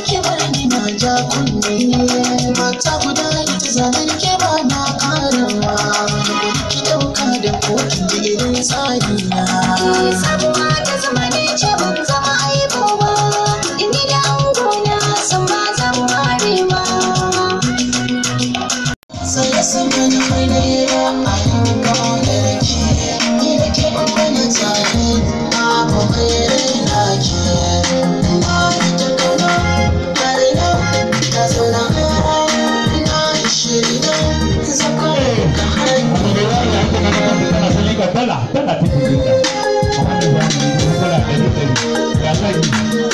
ki bar ni na ja kunne mata guda ita zanen ke ba na karawa ki dauka da koki da irin tsari na sabuwa ta zama ce mun Tala, tala, tala, tala, tala, tala, tala, tala, tala, tala, tala,